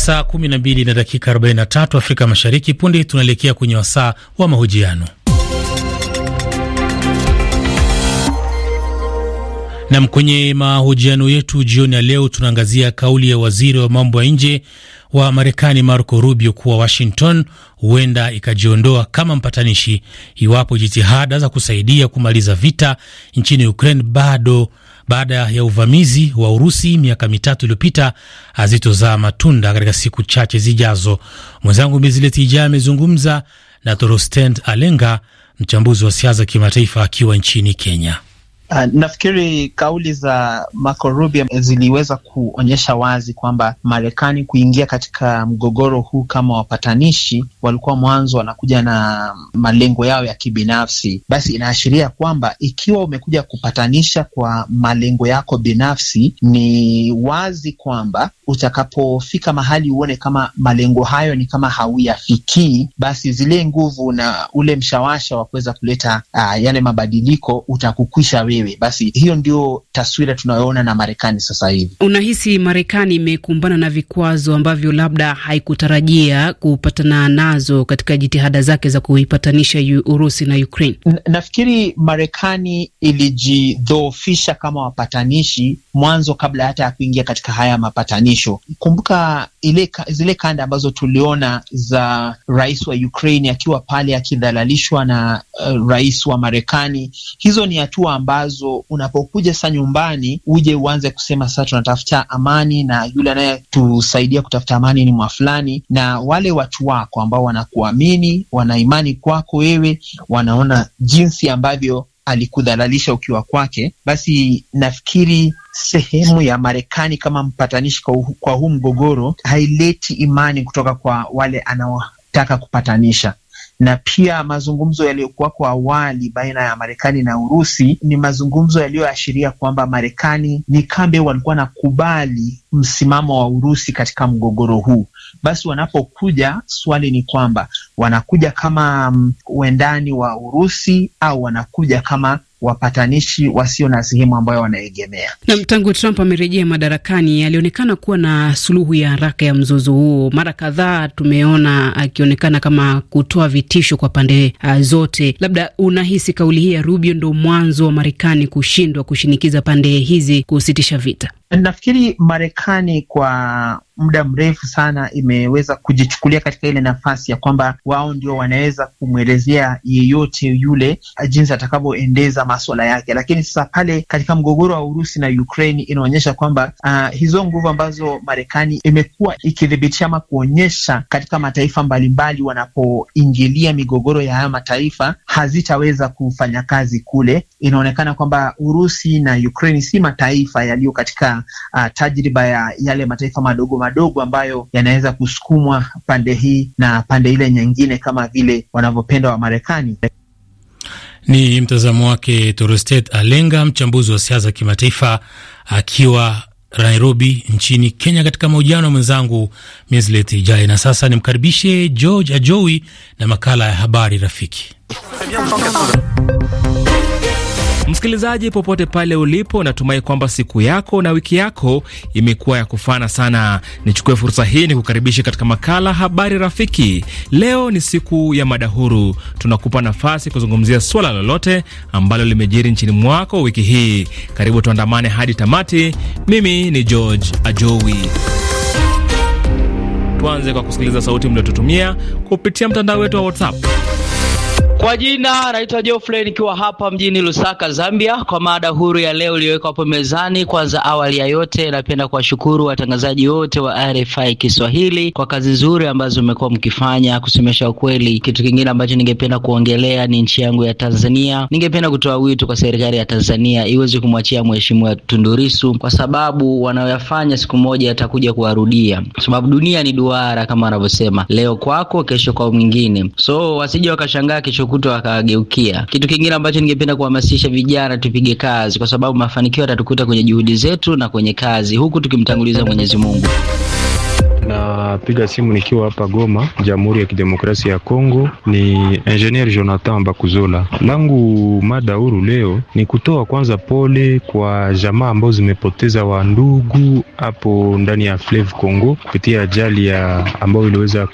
saa 12 na dakika 43 Afrika Mashariki. Punde tunaelekea kwenye wasaa wa mahojiano. Nam, kwenye mahojiano yetu jioni ya leo tunaangazia kauli ya waziri wa mambo ya nje wa Marekani Marco Rubio kuwa Washington huenda ikajiondoa kama mpatanishi iwapo jitihada za kusaidia kumaliza vita nchini Ukraine bado baada ya uvamizi wa Urusi miaka mitatu iliyopita hazitozaa matunda katika siku chache zijazo. Mwenzangu Mizileti Ijaa amezungumza na torostend Alenga, mchambuzi wa siasa kimataifa akiwa nchini Kenya. Uh, nafikiri kauli za Marco Rubio ziliweza kuonyesha wazi kwamba Marekani kuingia katika mgogoro huu kama wapatanishi, walikuwa mwanzo wanakuja na malengo yao ya kibinafsi. Basi inaashiria kwamba ikiwa umekuja kupatanisha kwa malengo yako binafsi, ni wazi kwamba utakapofika mahali uone kama malengo hayo ni kama hauyafikii, basi zile nguvu na ule mshawasha wa kuweza kuleta uh, yale mabadiliko utakukwisha we wenyewe. Basi hiyo ndio taswira tunayoona na Marekani sasa hivi. Unahisi Marekani imekumbana na vikwazo ambavyo labda haikutarajia kupatana nazo katika jitihada zake za kuipatanisha Urusi na Ukraine? N nafikiri Marekani ilijidhoofisha kama wapatanishi mwanzo kabla hata ya kuingia katika haya mapatanisho. Kumbuka ile, zile kanda ambazo tuliona za rais wa Ukraine akiwa pale akidhalalishwa na uh, rais wa Marekani, hizo ni hatua ambazo ambazo unapokuja sa nyumbani uje uanze kusema sasa tunatafuta amani, na yule anayetusaidia kutafuta amani ni mwafulani, na wale watu wako ambao wanakuamini, wana imani kwako wewe, wanaona jinsi ambavyo alikudhalalisha ukiwa kwake. Basi nafikiri sehemu ya Marekani kama mpatanishi kwa, kwa huu mgogoro haileti imani kutoka kwa wale anaotaka kupatanisha na pia mazungumzo yaliyokuwako awali baina ya Marekani na Urusi ni mazungumzo yaliyoashiria kwamba Marekani ni kambe walikuwa nakubali msimamo wa Urusi katika mgogoro huu. Basi wanapokuja, swali ni kwamba wanakuja kama mm, wendani wa Urusi au wanakuja kama wapatanishi wasio na sehemu ambayo wanaegemea. nam tangu Trump amerejea madarakani, alionekana kuwa na suluhu ya haraka ya mzozo huo. Mara kadhaa tumeona akionekana kama kutoa vitisho kwa pande uh, zote. Labda unahisi kauli hii ya Rubio ndo mwanzo wa Marekani kushindwa kushinikiza pande hizi kusitisha vita? Nafikiri Marekani kwa muda mrefu sana imeweza kujichukulia katika ile nafasi ya kwamba wao ndio wanaweza kumwelezea yeyote yule uh, jinsi atakavyoendeza maswala yake, lakini sasa pale katika mgogoro wa Urusi na Ukraine inaonyesha kwamba uh, hizo nguvu ambazo Marekani imekuwa ikidhibitisha ama kuonyesha katika mataifa mbalimbali wanapoingilia migogoro ya haya mataifa hazitaweza kufanya kazi kule. Inaonekana kwamba Urusi na Ukraine si mataifa yaliyo katika uh, tajriba ya yale mataifa madogo madogo ambayo yanaweza kusukumwa pande hii na pande ile nyingine kama vile wanavyopenda wa Marekani. Ni mtazamo wake Torostet Alenga, mchambuzi wa siasa za kimataifa, akiwa Nairobi nchini Kenya, katika mahojiano ya mwenzangu Mislet Ijae. Na sasa nimkaribishe George Ajowi na makala ya habari rafiki Msikilizaji popote pale ulipo, natumai kwamba siku yako na wiki yako imekuwa ya kufana sana. Nichukue fursa hii ni kukaribisha katika makala Habari Rafiki. Leo ni siku ya mada huru, tunakupa nafasi kuzungumzia swala lolote ambalo limejiri nchini mwako wiki hii. Karibu tuandamane hadi tamati. Mimi ni George Ajowi. Tuanze kwa kusikiliza sauti mliotutumia kupitia mtandao wetu wa WhatsApp. Kwa jina naitwa Geoffrey nikiwa hapa mjini Lusaka, Zambia, kwa mada huru ya leo iliyowekwa hapo mezani. Kwanza, awali ya yote, napenda kuwashukuru watangazaji wote wa RFI Kiswahili kwa kazi nzuri ambazo mmekuwa mkifanya kusemesha ukweli. Kitu kingine ambacho ningependa kuongelea ni nchi yangu ya Tanzania. Ningependa kutoa wito kwa serikali ya Tanzania iweze kumwachia mheshimiwa Tundu tundurisu kwa sababu wanayoyafanya siku moja yatakuja kuwarudia, kwa sababu dunia ni duara kama wanavyosema, leo kwako, kesho kwa mwingine, so wasije wakashangaa kesho wakakuta wakawageukia. Kitu kingine ambacho ningependa kuhamasisha vijana, tupige kazi, kwa sababu mafanikio yatatukuta kwenye juhudi zetu na kwenye kazi, huku tukimtanguliza Mwenyezi Mungu napiga simu nikiwa hapa Goma, Jamhuri ya Kidemokrasia ya Kongo. Ni Engineer Jonathan Bakuzola. Langu mada huru leo ni kutoa kwanza pole kwa jamaa ambao zimepoteza wandugu hapo ndani ya Fleuve Congo kupitia ajali ya ambayo iliweza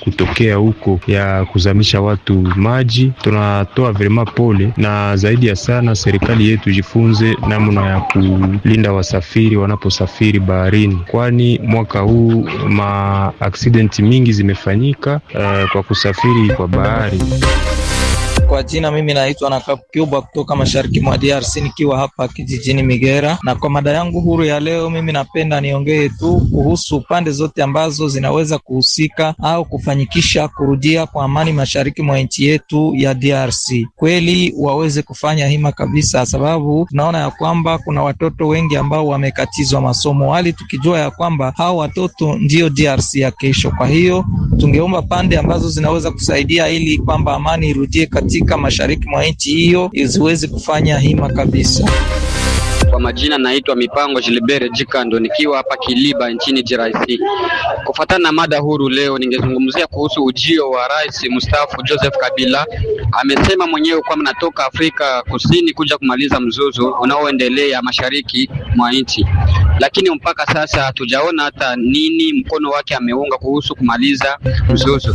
kutokea huko ya kuzamisha watu maji. Tunatoa vrema pole na zaidi ya sana serikali yetu ijifunze namna ya kulinda wasafiri wanaposafiri baharini, kwani mwaka huu ma aksidenti mingi zimefanyika uh, kwa kusafiri kwa bahari. Kwa jina mimi naitwa na Cuba kutoka mashariki mwa DRC nikiwa hapa kijijini Migera, na kwa mada yangu huru ya leo, mimi napenda niongee tu kuhusu pande zote ambazo zinaweza kuhusika au kufanyikisha kurudia kwa amani mashariki mwa nchi yetu ya DRC. Kweli waweze kufanya hima kabisa, sababu tunaona ya kwamba kuna watoto wengi ambao wamekatizwa masomo, hali tukijua ya kwamba hao watoto ndio DRC ya kesho. Kwa hiyo tungeomba pande ambazo zinaweza kusaidia ili kwamba amani irudie katika katika mashariki mwa nchi hiyo ziwezi kufanya hima kabisa. Kwa majina naitwa Mipango Jilibere Jikando, nikiwa hapa Kiliba nchini DRC. Kufuatana na mada huru leo, ningezungumzia kuhusu ujio wa rais mstaafu Joseph Kabila. Amesema mwenyewe kwamba natoka Afrika Kusini kuja kumaliza mzozo unaoendelea mashariki mwa nchi, lakini mpaka sasa hatujaona hata nini mkono wake ameunga kuhusu kumaliza mzozo.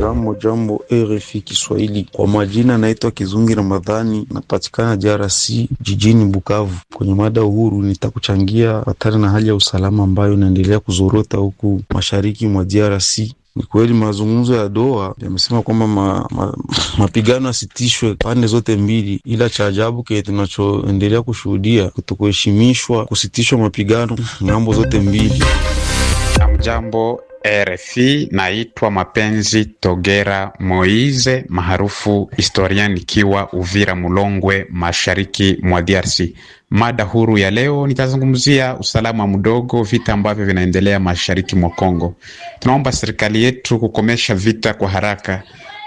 Jambo jambo RFI Kiswahili, kwa majina naitwa Kizungi Ramadhani, napatikana DRC jijini Bukavu. Kwenye mada uhuru, nitakuchangia hatari na hali ya usalama ambayo inaendelea kuzorota huku mashariki mwa DRC. Ni kweli mazungumzo ya Doha yamesema kwamba ma, ma, mapigano yasitishwe pande zote mbili, ila cha ajabu kile tunachoendelea kushuhudia kutokuheshimishwa kusitishwa mapigano ngambo zote mbili. Jambo RFI, naitwa Mapenzi Togera Moize, maarufu historian, nikiwa Uvira Mulongwe, mashariki mwa DRC. Mada huru ya leo nitazungumzia usalama mdogo, vita ambavyo vinaendelea mashariki mwa Kongo. Tunaomba serikali yetu kukomesha vita kwa haraka,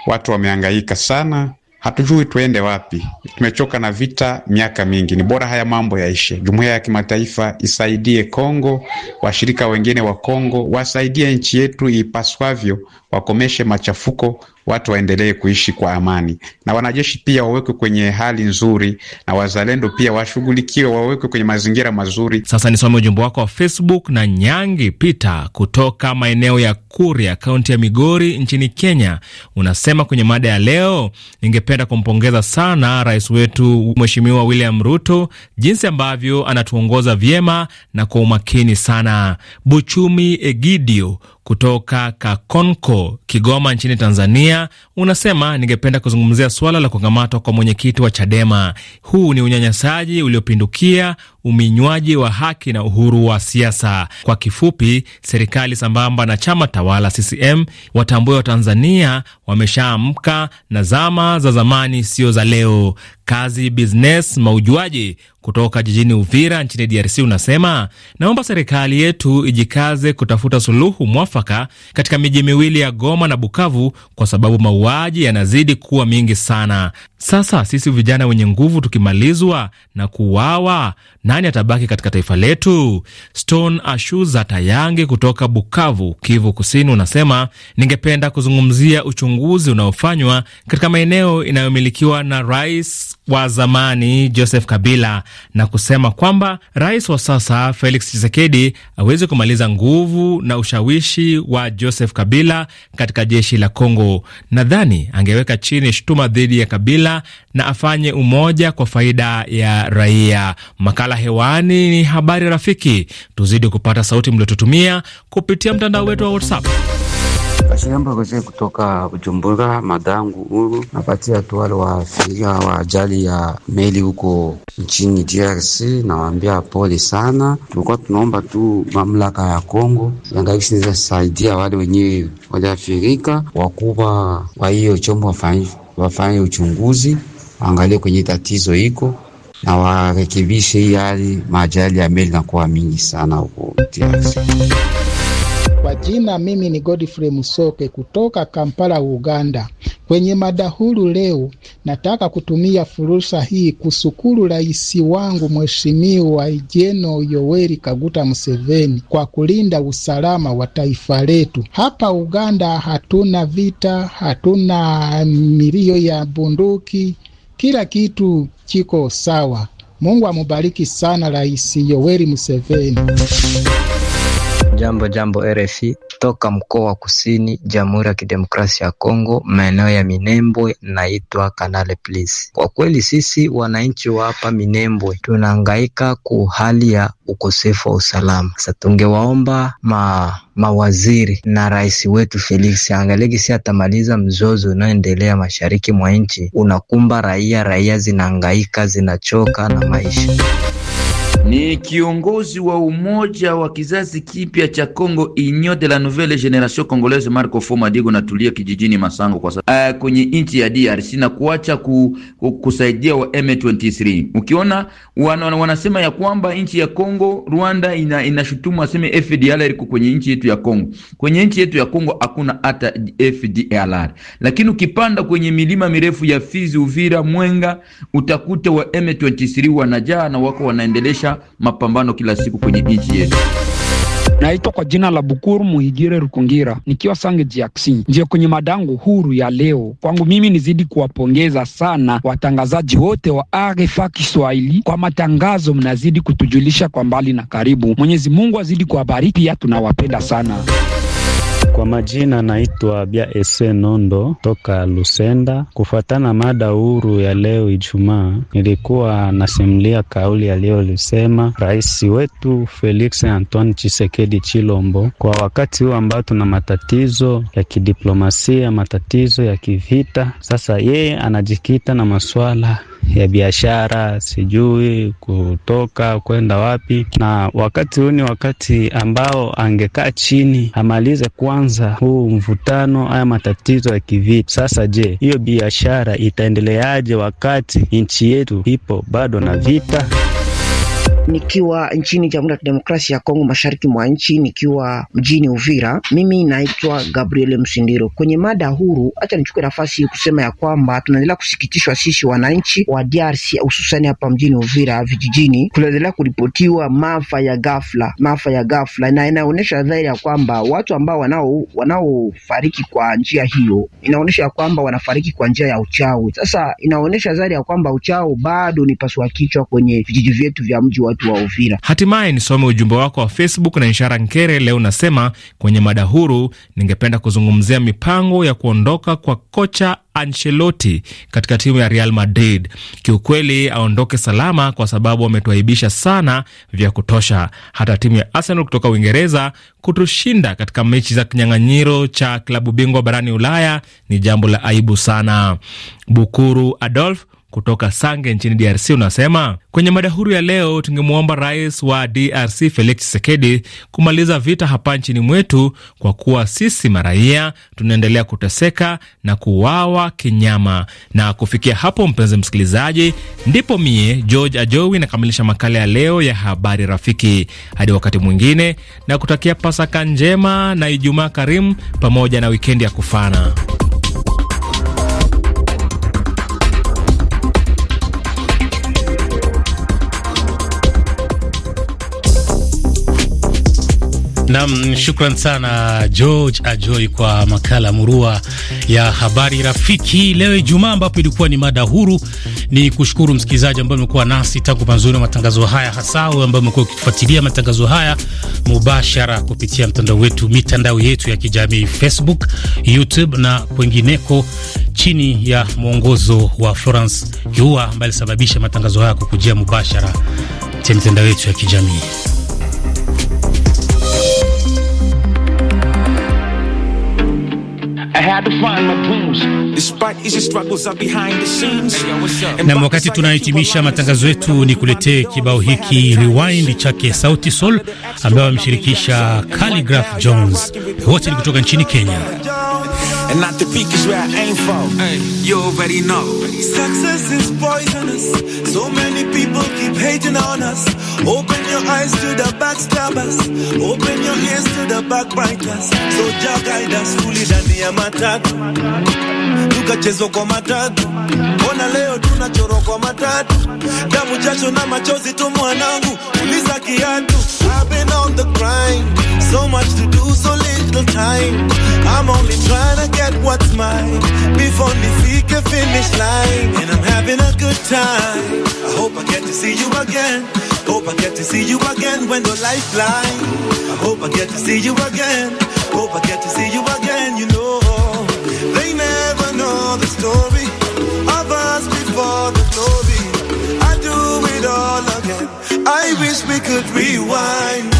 watu wameangaika sana Hatujui tuende wapi, tumechoka na vita miaka mingi. Ni bora haya mambo yaishe. Jumuiya ya kimataifa isaidie Kongo, washirika wengine wa Kongo wasaidie nchi yetu ipaswavyo, wakomeshe machafuko, watu waendelee kuishi kwa amani, na wanajeshi pia wawekwe kwenye hali nzuri, na wazalendo pia washughulikiwe, wawekwe kwenye mazingira mazuri. Sasa nisome ujumbe wako wa Facebook na Nyangi Peter kutoka maeneo ya Kuria, kaunti ya Migori nchini Kenya. Unasema kwenye mada ya leo, ningependa kumpongeza sana rais wetu Mheshimiwa William Ruto jinsi ambavyo anatuongoza vyema na kwa umakini sana. Buchumi Egidio kutoka Kakonko, Kigoma nchini Tanzania, unasema ningependa kuzungumzia suala la kukamatwa kwa mwenyekiti wa Chadema. Huu ni unyanyasaji uliopindukia uminywaji wa haki na uhuru wa siasa. Kwa kifupi, serikali sambamba na chama tawala CCM watambue Watanzania wameshaamka na zama za zamani sio za leo. Kazi Business maujuaji kutoka jijini Uvira nchini DRC unasema, naomba serikali yetu ijikaze kutafuta suluhu mwafaka katika miji miwili ya Goma na Bukavu kwa sababu mauaji yanazidi kuwa mingi sana. Sasa sisi vijana wenye nguvu tukimalizwa na kuuawa na nani atabaki katika taifa letu? Stone Ashuza Tayange kutoka Bukavu, Kivu Kusini, unasema ningependa kuzungumzia uchunguzi unaofanywa katika maeneo inayomilikiwa na rais wa zamani Joseph Kabila na kusema kwamba rais wa sasa Felix Tshisekedi awezi kumaliza nguvu na ushawishi wa Joseph Kabila katika jeshi la Kongo. Nadhani angeweka chini shutuma dhidi ya Kabila na afanye umoja kwa faida ya raia. Makala hewani ni habari rafiki. Tuzidi kupata sauti mliotutumia kupitia mtandao wetu wa WhatsApp. Kashiamba Gozee kutoka Bujumbura, madangu huru napatia tu wale waafiria wa ajali ya meli huko nchini DRC, nawaambia pole sana. Tulikuwa tunaomba tu mamlaka ya Kongo iangalie saidia wale wenyewe waliafirika, wakubwa wa hiyo chombo wafanye uchunguzi, waangalie kwenye tatizo iko na warekebishe hii hali, maajali ya meli nakuwa mingi sana huko DRC. Kwa jina mimi ni Godfrey Musoke kutoka Kampala, Uganda. Kwenye mada huru leo, nataka kutumia fursa hii kushukuru rais wangu Mheshimiwa ijeno Yoweri Kaguta Museveni kwa kulinda usalama wa taifa letu. Hapa Uganda hatuna vita, hatuna milio ya bunduki, kila kitu kiko sawa. Mungu amubariki sana Rais Yoweri Museveni. Jambo jambo RFI toka mkoa wa Kusini, Jamhuri ya Kidemokrasia ya Kongo, maeneo ya Minembwe, naitwa Kanale Please. Kwa kweli sisi wananchi wa hapa Minembwe tunahangaika ku hali ya ukosefu wa usalama. Sasa tungewaomba ma mawaziri na rais wetu Felix Angelegisi atamaliza mzozo unaoendelea mashariki mwa nchi, unakumba raia, raia zinahangaika, zinachoka na maisha ni kiongozi wa umoja wa kizazi kipya cha Kongo inyo de la Nouvelle Generation Congolaise Marco Foma Digo natulia kijijini Masango kwa sasa uh, kwenye nchi ya DRC na kuacha ku, ku, kusaidia wa M23. Ukiona wana, wanasema ya kwamba nchi ya Kongo Rwanda ina, inashutumu aseme FDLR iko kwenye nchi yetu ya Kongo. Kwenye nchi yetu ya Kongo hakuna hata FDLR. Lakini ukipanda kwenye milima mirefu ya Fizi, Uvira, Mwenga utakuta wa M23 wanajaa na wako wanaendelesha mapambano kila siku kwenye nchi yetu. Naitwa kwa jina la Bukuru Muhigire Rukungira, nikiwa Sange Jiaksi, ndio kwenye madango huru ya leo. Kwangu mimi nizidi kuwapongeza sana watangazaji wote wa RFA Kiswahili kwa matangazo, mnazidi kutujulisha kwa mbali na karibu. Mwenyezi Mungu azidi kuwabariki, pia tunawapenda sana. Kwa majina naitwa Bia Ese Nondo toka Lusenda. Kufuatana mada huru ya leo Ijumaa, nilikuwa nasimulia kauli aliyolisema rais wetu Felix Antoine Chisekedi Chilombo kwa wakati huu ambao tuna matatizo ya kidiplomasia, matatizo ya kivita. Sasa yeye anajikita na maswala ya biashara, sijui kutoka kwenda wapi, na wakati huu ni wakati ambao angekaa chini amalize kwanza huu mvutano, haya matatizo ya kivita. Sasa je, hiyo biashara itaendeleaje wakati nchi yetu ipo bado na vita? nikiwa nchini Jamhuri ya Kidemokrasia ya Kongo, mashariki mwa nchi, nikiwa mjini Uvira. Mimi naitwa Gabriel Msindiro. Kwenye mada huru, acha nichukue nafasi hii kusema ya kwamba tunaendelea kusikitishwa sisi wananchi wa DRC, hususani hapa mjini Uvira vijijini, tunaendelea kuripotiwa maafa ya ghafla, maafa ya ghafla, na inaonyesha dhahiri ya kwamba watu ambao wanao wanaofariki kwa njia hiyo, inaonyesha ya kwamba wanafariki kwa njia ya uchawi. Sasa inaonyesha dhahiri ya kwamba uchawi bado ni pasua kichwa kwenye vijiji vyetu vya mji wananchi watu wa Uvira. Hatimaye nisome ujumbe wako wa Facebook na Ishara Nkere leo unasema, kwenye mada huru ningependa kuzungumzia mipango ya kuondoka kwa kocha Ancelotti katika timu ya Real Madrid. Kiukweli aondoke salama, kwa sababu wametuaibisha sana vya kutosha. Hata timu ya Arsenal kutoka Uingereza kutushinda katika mechi za kinyang'anyiro cha klabu bingwa barani Ulaya ni jambo la aibu sana. Bukuru Adolf kutoka Sange nchini DRC unasema kwenye mada huru ya leo, tungemwomba rais wa DRC Felix Tshisekedi kumaliza vita hapa nchini mwetu, kwa kuwa sisi maraia tunaendelea kuteseka na kuuawa kinyama. Na kufikia hapo, mpenzi msikilizaji, ndipo mie George Ajowi nakamilisha makala ya leo ya habari rafiki. Hadi wakati mwingine, na kutakia Pasaka njema na Ijumaa karimu pamoja na wikendi ya kufana. Nam, shukran sana George Ajoi kwa makala murua ya habari rafiki leo Ijumaa, ambapo ilikuwa ni mada huru. Ni kushukuru msikilizaji ambaye amekuwa nasi tangu mwanzoni wa matangazo haya, hasa wewe ambaye umekuwa ukifuatilia matangazo haya mubashara kupitia mtandao wetu, mitandao yetu ya kijamii Facebook, YouTube na kwengineko, chini ya mwongozo wa Florence Yua ambaye alisababisha matangazo haya kukujia mubashara kupitia mitandao yetu ya kijamii. Nam, wakati tunahitimisha matangazo yetu, ni kuletee kibao hiki Rewind chake Sauti Sol ambayo ameshirikisha calligraph Jones, wote ni kutoka nchini Kenya. And not the peak is where I aim for. Hey, you already know. Success is poisonous. So many people keep hating on us. Open your eyes to the backstabbers. Open your ears to the backbiters. So Jah guide us fully ndani ya matatu. Tukachezwa kwa matatu. Ona leo tunachorwa kwa matatu. Damu, jasho na machozi tu mwanangu. Uliza kiatu. I've been on the grind. So much to do, so little time. I'm only trying to get what's mine before me seek a finish line. And I'm having a good time. I hope I get to see you again. Hope I get to see you again when the blind. I hope I get to see you again. Hope I get to see you again. You know, they never know the story of us before the glory. I do it all again. I wish we could rewind.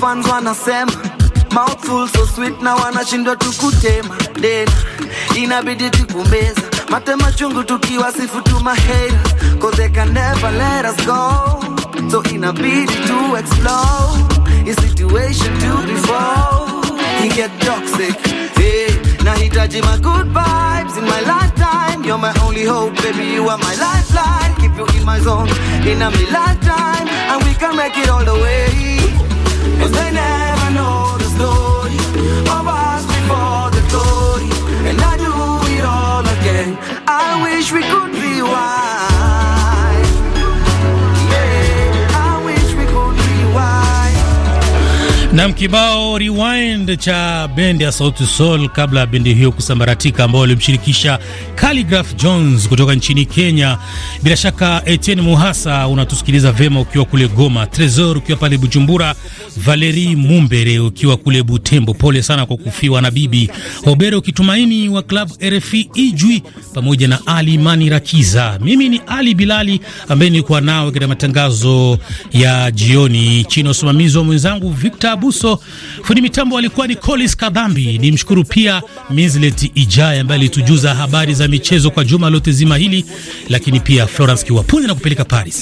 fans wanasema mouthful so sweet na wanashindwa tukutema dena inabidi tukumbeza matema chungu tukiwasifu tumahera cause they can never let us go so inabidi to explore is situation to before he get toxic eh. hey nahitaji my good vibes in my lifetime you're my only hope baby you are my lifeline keep you in my zone in a me lifetime and we can make it all the way Cause they never know the story of us before the glory. And I do it all again. I wish we could rewind. na mkibao Rewind cha bendi ya Sauti Sol kabla ya bendi hiyo kusambaratika, ambao walimshirikisha Khaligraph Jones kutoka nchini Kenya. Bila shaka Etienne Muhasa unatusikiliza vema ukiwa kule Goma, Tresor ukiwa pale Bujumbura, Valeri Mumbere ukiwa kule Butembo, pole sana kwa kufiwa na bibi Obere ukitumaini wa klabu RFI Ijwi, pamoja na Ali Mani Rakiza. Mimi ni Ali Bilali ambaye nilikuwa nawe katika matangazo ya jioni chini ya usimamizi wa mwenzangu Victor Abuso. Fundi mitambo alikuwa ni Collins Kadhambi. Ni mshukuru pia Mislet Ijai ambaye alitujuza habari za michezo kwa juma lote zima hili, lakini pia Florence Kiwapunzi na kupeleka Paris.